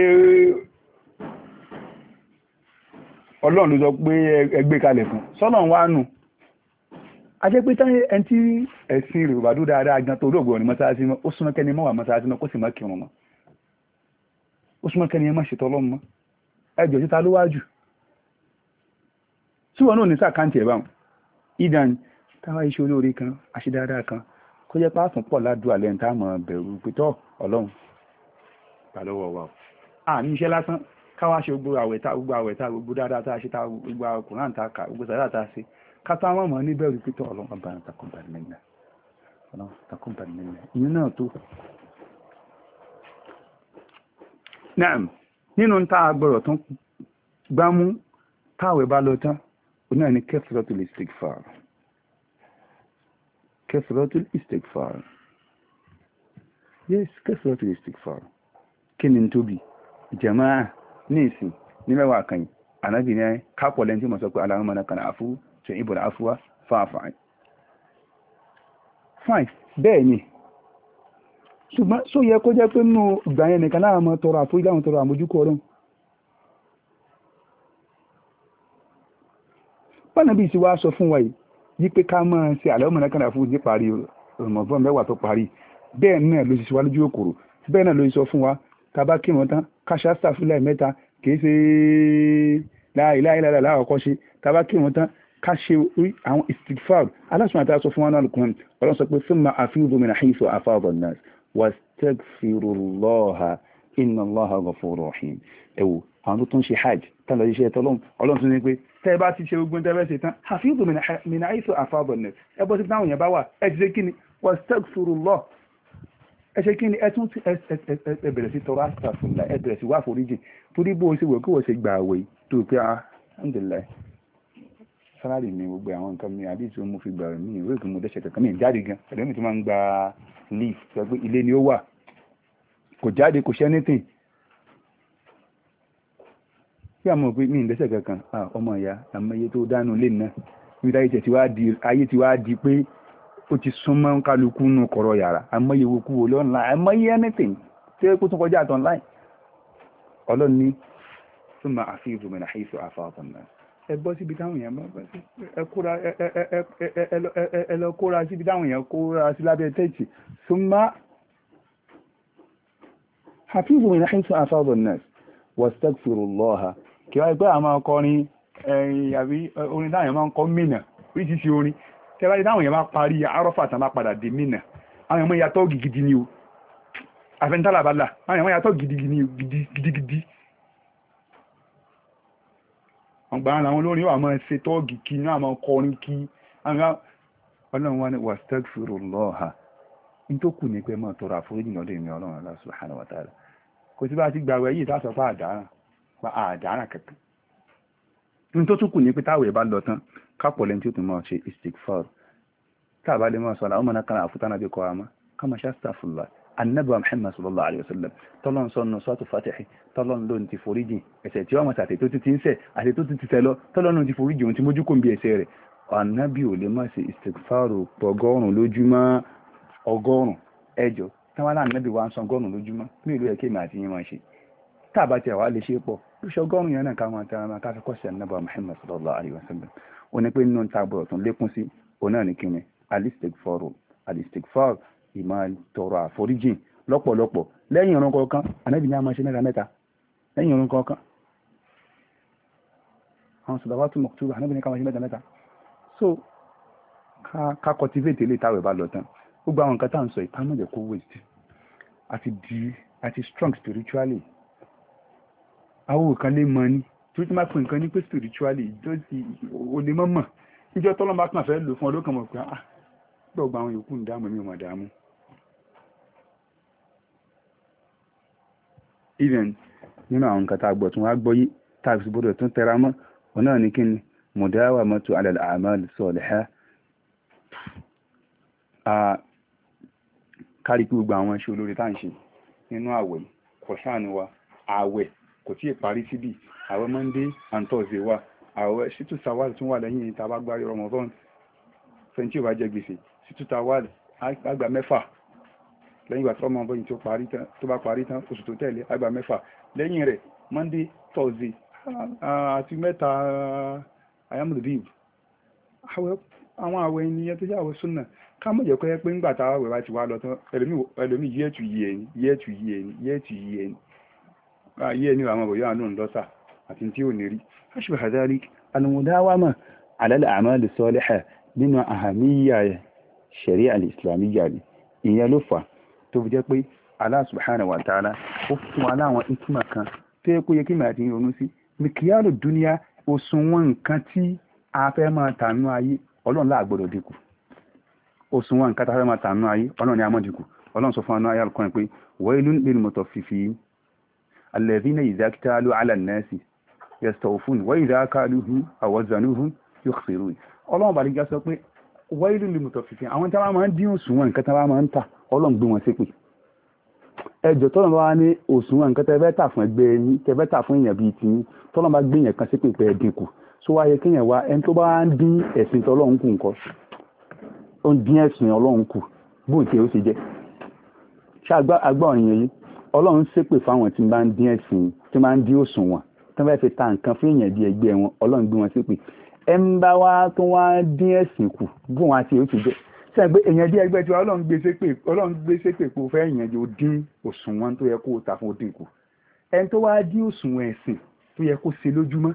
ọlọ́run ló sọ pé ẹgbẹ́ kalẹ̀ fún sọ́nà wá nù a jẹ́ pé tí ẹ̀sìn rẹ̀ dáadáa gan mọ́sáájú mọ́ ó súnmọ́ kẹ́ni mọ́ wà mọ́sáájú mọ́ kó sì mọ́ kẹ́ni káwá iṣẹ́ olóore kan àṣedáadáa kan kó jẹ́ pé àtún pọ̀ ládùú àlẹ́ níta mọ̀ bẹ̀rù pétọ́ ọlọ́run gbà lọ́wọ́ wa o àní iṣẹ́ lásán káwá ṣe gbogbo àwẹ̀ tá gbogbo àwẹ̀ tá gbogbo dáadáa tá a ṣe tá gbogbo àkùnrán tá a kà gbogbo sàrà tá a ṣe kátó àwọn ọmọ ní bẹ̀rù pétọ́ ọlọ́run ọba náà takùn bàrẹ̀ mẹ́rin ọlọ́run takùn nínú tá kẹsìrọ́tún istikfar yes kẹsìrọ́tún istikfar kí ni tóbi jama'a ní ìsìn ní mẹ́wàá kan anábì ní kápọ̀ lẹ́ntí mọ̀ sọ pé aláwọ̀mọ̀ náà kan àfú tó ìbò àfúwá fáfáì five bẹ́ẹ̀ ni ṣùgbọ́n só yẹ kó jẹ́ pé nínú ìgbà yẹn nìkan láwọn ọmọ tọrọ àfúrí láwọn tọrọ àmójúkọ ọlọ́run pánàbí ti wá sọ fún wa yìí wípé ká máa ṣe àlẹ́ ọmọ nàkàndà fún oúnjẹ parí ọmọbọ́n mẹ́wàá tó parí bẹ́ẹ̀ náà ló ṣe ṣe wá lójú òkòrò bẹ́ẹ̀ náà ló ṣe sọ fún wa tá a bá kírun tán káṣá sàfún lẹ́ẹ̀mẹ́ta kì í ṣe láìláìláìlá àkọ́kọ́ ṣe tá a bá kírun tán ká ṣe àwọn istikfar aláṣùmọ̀ àti aṣọ fún wa náà lùkùn ọlọ́run sọ pé summa afidu min haythu afada an-nas wastaghfirullaha tẹ́ bá ti ṣe ogun tẹ́ fẹ́ ṣe tán àfihàn mìnà àìsàn àfàbọ̀nẹ̀ ẹ bọ́ sí táwọn èèyàn bá wà ẹ ti ṣe kí ni wọ́n stẹ́k sùúrù lọ ẹ ṣe kí ni ẹ tún ti ẹ bẹ̀rẹ̀ sí tọrọ àṣà fún ẹ bẹ̀rẹ̀ sí wà foríjì torí bó o ṣe wò kí wọ́n ṣe gbà àwẹ̀ tó pé ah, alhamdulillah sálárì mi gbogbo àwọn nǹkan mi àbí tí mo fi gbà mí ìwé ìgbìmọ̀ dẹ́sẹ̀ kankan mi jáde gan ẹ̀rọ máa ń gba leave sọ pé ilé ni ó wà kò jáde kò ṣe anything kí àmọ́ pé mí ìlẹ́sẹ̀ kankan ọmọ ìyá àmọ́ iye tó dánú lé náà níbi táyé tiẹ̀ ti wá di ayé ti wá di pé ó ti súnmọ́ kálukú nù kọ̀rọ̀ yàrá àmọ́ iye wokú wo lọ́nà àmọ́ iye anything tí ó tún kọjá àtọ̀ online ọlọ́run ní tó máa àfi ìrùmọ̀ náà àìsàn àfààfàn náà ẹ bọ́ síbi táwọn èèyàn ẹ lọ kóra síbi táwọn èèyàn kóra sí lábẹ́ tẹ́ẹ̀tì tó máa àfi ìrùmọ̀ náà àìsàn àfààfàn náà wàstagfirullah kí wáyé pé àwọn máa kọrin ẹ̀yìn àbí orin táwọn èèyàn máa ń kọ mìnà oríṣiríṣi orin tí wáyé táwọn èèyàn máa parí arọ́fà tán máa padà dé mìnà àwọn èèyàn yàtọ̀ gidigidi ni o àfẹnitálàbàlà àwọn èèyàn yàtọ̀ gidigidi ọgbà àwọn olórin wà máa ṣe tọ́ọ̀gì kí ní àwọn kọrin kí ọlọ́run wá ní wastaghfirullah ní tó kù ní pé máa tọrọ àforíjì lọ́dọ̀ ìmì ọlọ́run Allah subhanahu wa ta'ala kò sí bá ti pa àdára kankan ní tó tún kù ní pé táwẹ̀ bá lọ tán kápọ̀ lẹ́ni tí ó tún máa ṣe istikfar tá a lè máa sọ àwọn ọmọdé kan àfútánà bí kọ́ àmọ́ ká ṣe astaghfirullah annabi muhammad sallallahu alaihi wasallam tọ́lọ́n sọ nù fatihi tọ́lọ́n ló ń ti foríjìn ẹ̀ṣẹ̀ tí wọ́n mọ̀ sàtẹ̀ tó ti ti ń sẹ̀ àti tó ti ti tẹ̀ lọ tọ́lọ́n ló ń ti foríjìn òun ti mójú kò ń bí ẹ̀ṣẹ̀ rẹ̀ annabi ò lè má ṣe lóṣù ọgọ́rùn-ún yẹn náà ká máa tẹ́ra máa káfí kọ́ṣẹ́ nàbà Muhammad sallallahu alayhi wa sallam ó ní pé nínú ta gbọ́dọ̀ tún lékún sí òun náà ní kíni alistigfar alistigfar ìmọ̀ tọrọ àforíjìn lọ́pọ̀lọpọ̀ lẹ́yìn ìrun kọ̀ọ̀kan anábì ní a máa ṣe mẹ́ta mẹ́ta lẹ́yìn ìrun kọ̀ọ̀kan àwọn sọ̀dọ̀wá tún mọ̀kútù anábì ní ká máa ṣe mẹ́ta mẹ́ta so ká cultivate ilé ìtawẹ̀ bá lọ tán gbogbo àwọn nǹkan tá à ń sọ ìpamọ́ ìdẹ̀kọ́ waste àti di àti strong spiritually àwọn kan lè mọ ni tó ti máa pè nǹkan ní pé spiritually tó ti òní mọ́ mọ̀ níjọ́ tọ́lọ́ bá kàn fẹ́ lò fún ọdún kan mọ̀ pé ah gbọ́ gba àwọn yòókù ń dáàmú mi ò mọ̀ dáàmú. even nínú àwọn nǹkan tá a gbọ́ tún wá gbọ́ yí tá a fi gbọ́dọ̀ tún tẹra mọ́ òun náà ní kíni mùdáwà mọ́tò alẹ́ àmàlù sọ̀lẹ̀ ẹ́ kárí pé gbogbo àwọn iṣẹ́ olóore tá à ń ṣe nínú àwẹ̀ kọ̀ṣáàni wa àwẹ̀ kò tí ì parí síbi àwẹ̀ monday and thursday wà àwẹ̀ ṣítù sawal tún wà lẹ́yìn tá a bá gbárí ramadan fẹ́ntì ò bá jẹ gbèsè ṣítù sawal àgbà mẹ́fà lẹ́yìn ìgbà tí ọmọ ọbẹ̀ yìí tó bá parí tán oṣù tó tẹ̀lé àgbà mẹ́fà lẹ́yìn rẹ̀ monday thursday àti mẹ́ta ayamudib àwọn àwẹ̀ ènìyàn tó yàwó súnà ká mọ̀ jẹ́ pé pé ńgbà tá àwẹ̀ bá ti wá lọ tán ẹlòmíì yẹ́ẹ̀tù yìí ẹni yẹ́ẹ̀tù yìí ẹni yẹ́ẹ̀tù yìí ẹni ayé ẹni àwọn ọ̀rọ̀ yóò àánú lọ́sà àti tí ò ní rí aṣọ àdárí alùmọ̀dáwàmà alálẹ̀ àmàlù sọ́lẹ́hà nínú àhàmíyà ṣẹ̀rí alìsìlámíyà ni ìyẹn ló fà tó fi jẹ́ pé Allah subhanahu wa ta'ala ó fún wa láwọn ìtumọ̀ kan tó yẹ kó yẹ kí màá ti ronú sí mikiyalu dúníà òṣùwọ̀n nǹkan tí a fẹ́ máa tànú ayé ọlọ́run láàgbọ́dọ̀ dínkù òṣùwọ̀n nǹkan tí a fẹ́ máa tànú ayé ọlọ́run ni a mọ̀ dínkù ọlọ́run sọ fún wa náà ayé alukọ́ni pé wailun lil mutaffifin الذين إذا iktalu على الناس يستوفون وإذا wa idha kaluhum aw wazanuhum yukhsirun ọlọ́run bá dígá sọ pé wáyé lè mutaffifin àwọn tábà máa ń dín òṣùwọ̀n nǹkan tábà máa ń tà ọlọ́run gbé wọn ṣépè ẹjọ́ tọ́lọ́ bá wá ní òṣùwọ̀n nǹkan tẹ́fẹ́ tà fún ẹgbẹ́ yín tẹ́fẹ́ tà fún èèyàn bíi tiyín tọ́lọ́ bá gbé yẹn kan ṣépè pé ẹ̀dínkù tó wáyé kéèyàn wá ẹni tó bá ń dín ẹ̀sìn tọ́lọ́run ń kù bóun ọlọ́run ṣépè fáwọn tí máa ń dín ẹ̀sìn tí máa ń dín òṣùwọ̀n tí wọ́n bá fi ta nǹkan fún èèyàn bí ẹgbẹ́ wọn ọlọ́run gbé wọn ṣépè ẹ ń bá wa tó wá dín ẹ̀sìn kù bí wọ́n á ti èèyàn ti jẹ́ sẹ́yìn pé èèyàn bí ẹgbẹ́ tí ọlọ́run gbé ṣépè kó fẹ́ èèyàn jẹ́ dín òṣùwọ̀n tó yẹ kó ta fún òdin kù ẹni tó wá dín òṣùwọ̀n ẹ̀sìn tó yẹ kó ṣe lójúmọ́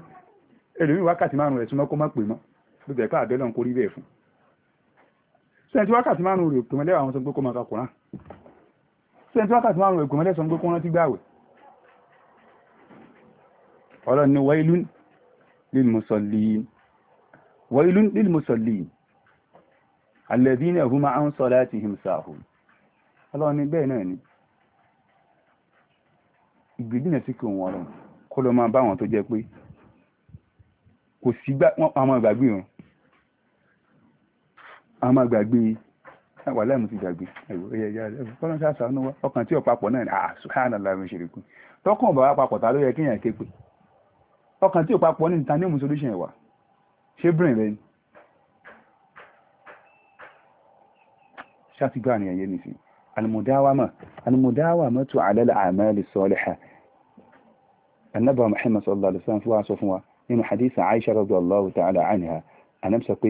sẹ́ntí wákàtí márùn ẹ̀kùn mẹ́lẹ́sàn gbé kún rántí gbàwẹ̀ ọ̀rọ̀ ni wailun lilmusallin wailun lilmusallin alladhina hum an salatihim sahun ọlọ́ni bẹ́ẹ̀ náà ni ìgbìdínà sí kí wọn rọrùn kó lọ máa bá wọn tó jẹ pé kò sí àwọn ìgbàgbé wọn Ah, wà láìmú ti jàgbé ẹ̀wọ̀ ẹ̀yẹ ẹ̀yà ọlọ́run ṣáà sànú wa ọkàn tí ọ̀pápọ̀ náà àà sùhánà láàrin ṣe rìkú tọkàn bàbá papọ̀ ta ló yẹ kéèyàn ké pé ọkàn tí ọ̀pápọ̀ ní ìtàn ní òmù solution ẹ̀wà ṣé brain rẹ ni ṣàtìgbà ni ẹ̀yẹ nìsí almudawama almudawama tu alal amali saliha annabi muhammad sallallahu alaihi wasallam fún wa sọ fún wa nínú hadith aisha radiyallahu ta'ala anha anam sọ pé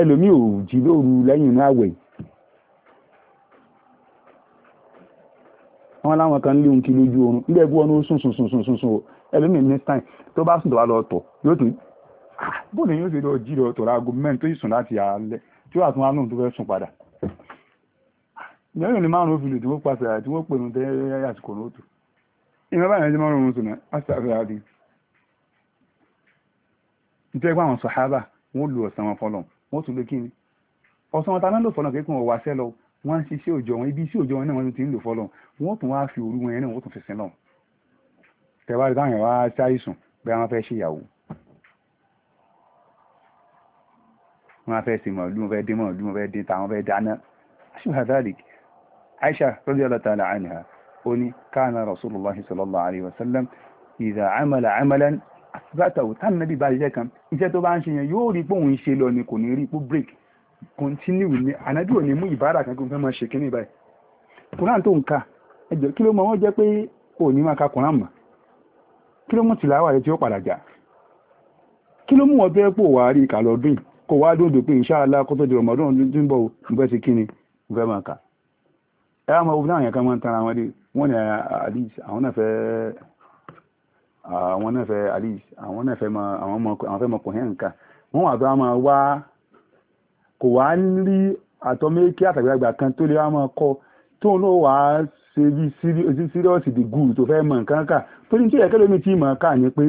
ẹlòmíì ò jí lóru lẹ́yìn inú àwẹ̀ wọn láwọn kan lé ohun kí lójú oorun nígbà ẹgbẹ́ wọn ó sùn sùn sùn sùn sùn ẹlòmíì ní stein tó bá sùn tó bá lọ tọ̀ yóò tún ah, bóòlù yóò ṣe lọ jí lọ tọ̀ láago mẹ́rin tó yìí sùn láti alẹ́ tí wàá tún wá lóhun tó fẹ́ sùn padà ìyẹn ní márùn-ún fi lè tí wọ́n pàṣẹ àti wọ́n pèrún tẹ́ àsìkò lóòtù ìmọ̀ báyìí ẹjẹ́ márùn-ún sùn náà àṣàfẹ́ àdín nítorí pé àwọn sàhábà wọ́n lu ọ̀sán wọn fọ́lọ́mù wọ́n tún lè kí ni ọ̀sán ọ̀tá náà lò fọ́nà kékun ọ̀wá sẹ́ lọ wọ́n ń ṣiṣẹ́ òjò wọn ibi iṣẹ́ òjò wọn náà wọ́n ti ń lò fọ́lọ́ wọ́n tún wá fi òru wọn yẹn náà wọ́n tún fi sin náà tẹ̀wá táwọn wá ṣáìsùn bí wọ́n fẹ́ ṣèyàwó wọ́n fẹ́ ṣe mọ̀lú wọn fẹ́ dín mọ̀lú wọn fẹ́ dín ta wọn fẹ́ dáná aṣùhàdàlìk aisha radiyallahu ta'ala anha ó ní káàna rasulullah sallallahu alayhi wa sallam idha amala amalan àtibátàwò tánàbí bá iṣẹ́ kan iṣẹ́ tó bá ń ṣe yẹn yóò rí póun ṣe lọ ni kò ní rí pó break continue ni ànábì ò ní mú ìbára kan kí n fẹ́ máa ṣe kíní báyìí kùrán tó ń ka ẹjọ́ kí ló mọ wọ́n jẹ́ pé ò ní máa ka kùrán mọ̀ kí ló mú tìláwà rẹ tí ó padà jà kí ló mú wọn tó yẹ pé òwà rí ìkà lọ́dún kò wá dòdò pé insha Allah kó tó di ọmọdún tó ń bọ̀ nígbà tí kíni ìfẹ́ máa kà máa wo bí àwọn náà fẹ́ àlì àwọn náà fẹ́ mọ àwọn ọmọ àwọn fẹ́ mọ kò hẹ́ nǹkan wọ́n wà tó wá máa wá kò wá rí àtọ́mẹ́kí àtàgbàgbà kan tó lè wá máa kọ tóun náà wà á ṣe bí síríọ́sì di gùn tó fẹ́ mọ nǹkan kà tó tí ẹ̀kẹ́ lómi tí mọ̀ ká ni pé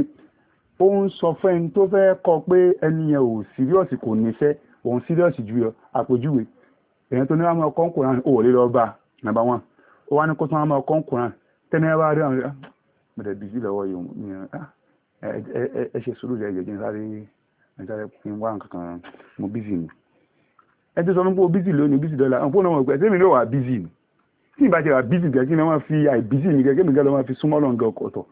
ó ń sọ fẹ́ni tó fẹ́ kọ pé ẹni yẹn ò síríọ́sì kò níṣẹ́ òun síríọ́sì ju àpèjúwe èèyàn tó ní wá máa kọ́ ò lè lọ bá nàbà wọn ó wá ní kó tó wá máa kọ́ ń mo dẹ̀ bìsí lọ́wọ́ yìí ah, ẹ ṣe sùúrù lẹ́yìn ẹ̀jẹ̀ sáré ẹ̀jẹ̀ kí n wá nǹkan kan mo bìsí ni ẹ ti sọ fún pé o bìsí lónìí bìsí dọ́là òun fóònù ọmọ ìpẹ́ sẹ́mi ló wà bìsí ni tí ìbá ti wà bìsí gẹ̀ kí ni wọ́n fi àìbìsí mi gẹ́gẹ́ mi gẹ́ lọ́ máa fi súnmọ́ lọ́ngàn ọ̀tọ̀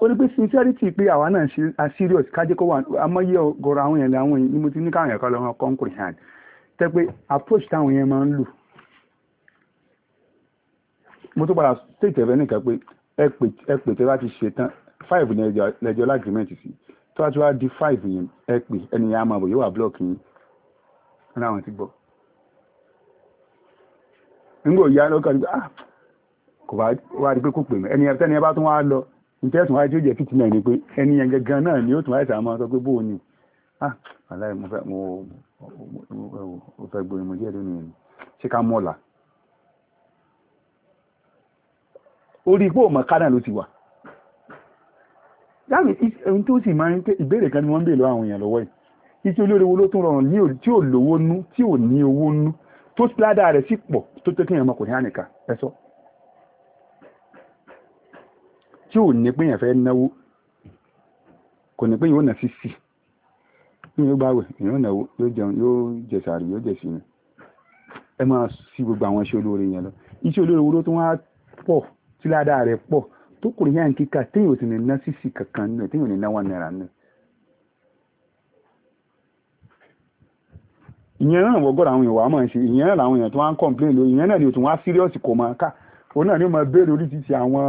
ó ní pé sincerity pé àwa náà ṣe a serious kájẹ́ kó wà amáyé ọ̀gọ̀rọ̀ àwọn èèyàn àwọn èèyàn ni mo ti ní káwọn ẹ̀kọ́ lọ́wọ́ comprehend tẹ́ pé approach táwọn èèyàn máa ń lò mo tó padà state ẹ̀fẹ́ nìkan pé ẹ pè ẹ pè tẹ́ ṣe tán five ní ẹjọ́ lẹ́jọ́ lágrímẹ̀ntì sí tó bá ti wá di five yẹn ẹ pè ẹnìyàn àmọ́ àbòyé wà blọọkì yín ní àwọn ti gbọ́. nígbà òyà lọ́kàn ní ah kò bá wá di pé kò pè mí ẹni ẹni ẹ bá tún wá lọ níta wáyé tí ó jẹ́ fìtì náà ni pé ẹni yẹn gangan náà ni ó tún wáyé sàmọ́ sọ pé bóun ni ah aláì mo fẹ́ mo fẹ́ gbóyún mo jẹ́ lónìí ṣé ká mọ́ ọ̀la orí ipò ọmọ kánà ló ti wà láàrin ohun tó sì máa ń pé ìbéèrè kan ni wọ́n ń bèèrè àwọn èèyàn lọ́wọ́ yìí iṣẹ́ olóore wo ló tún rọrùn ní tí ò lówó nú tí ò ní owó nú tó ládà rẹ̀ sì pọ̀ tó tó kéèyàn ọmọkùnrin ànìkà ẹ sọ tí ò ní pé èèyàn fẹ́ náwó kò ní pé yóò nà sí sí ní yóò gbàwẹ̀ yóò náwó yóò jẹun yóò jẹ sàárì yóò jẹ sínú ẹ máa sí gbogbo àwọn iṣẹ́ olóore yẹn lọ iṣẹ́ olóore wo ló tún wá pọ̀ tí ládàá rẹ̀ pọ̀ tó kò ní yàn kíkà téèyàn ò sì ní ná sísì kankan nù téèyàn ò ní ná wà náírà nù. ìyẹn náà wọ́gọ́rọ̀ àwọn èèyàn wà á mọ̀ ṣe ìyẹn náà làwọn èèyàn tó wá ń complain lórí ìyẹn náà ni òtún wá síríọ̀sì kò máa ká òun náà ni ó máa béèrè oríṣiríṣi àwọn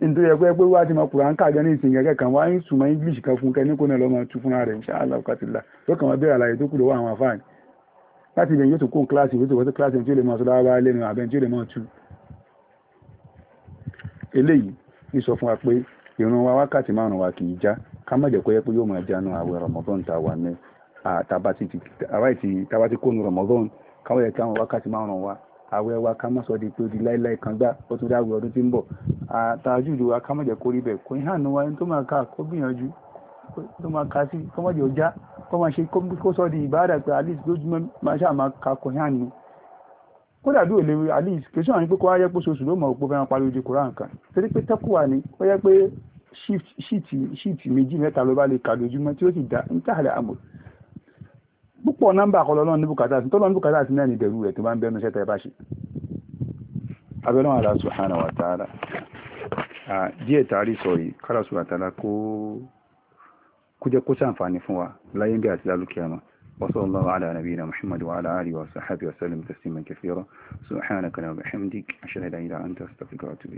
nítorí ẹgbẹ́ pé wá ti máa kùrà ń kà gan ní ìsìn kẹ̀kẹ́ kan wá ń sùnmọ́ English kan fún kẹ́ níkó náà lọ́ máa tú fúnra rẹ̀ inshallah kàtìlá yóò kàn máa béèrè àlàyé tó kúrò wá àwọn àfáàní láti ibẹ̀ yóò tó kó kíláàsì yóò tó kó kíláàsì tí ó lè máa sọ lára lẹ́nu àbẹ́ tí ó lè máa tú eléyìí ní sọ fún wa pé ìrun wa wákàtí márùn wa kì í já ká má jẹ́ pé yóò máa jánu Ramadan a wà ní tàbá ti kónu Ramadan káwọn yẹ wákàtí márùn wa àwẹ wa ká má sọ di pé di kan gbá ó tún dáwẹ̀ ọdún tí ń bọ̀ àtàjùlù wa ká má jẹ́ kó rí wa tó máa ká gbìyànjú tó máa ká sí kó má ọjà kó ṣe kódà bí alice kì í sọ̀rọ̀ ní pé kó wá yẹ pé oṣooṣù ló mọ̀ òpó fẹ́ràn parí ojú koran kan torí pé tẹ́kùwà ni ó yẹ pé ṣíìtì ṣíìtì méjì mẹ́ta ló bá lè kà lójúmọ́ tí ó sì dá ń tààlẹ̀ àmọ̀ púpọ̀ nọ́mbà àkọlọ́lọ́ ní bùkátà sí tọ́lọ́ ní bùkátà sí náà ní ìdẹ̀rú rẹ̀ tó bá ń وصلى الله على نبينا محمد وعلى آله وصحبه وسلم تسليما كثيرا سبحانك اللهم وبحمدك أشهد أن لا إله إلا أنت أستغفرك وأتوب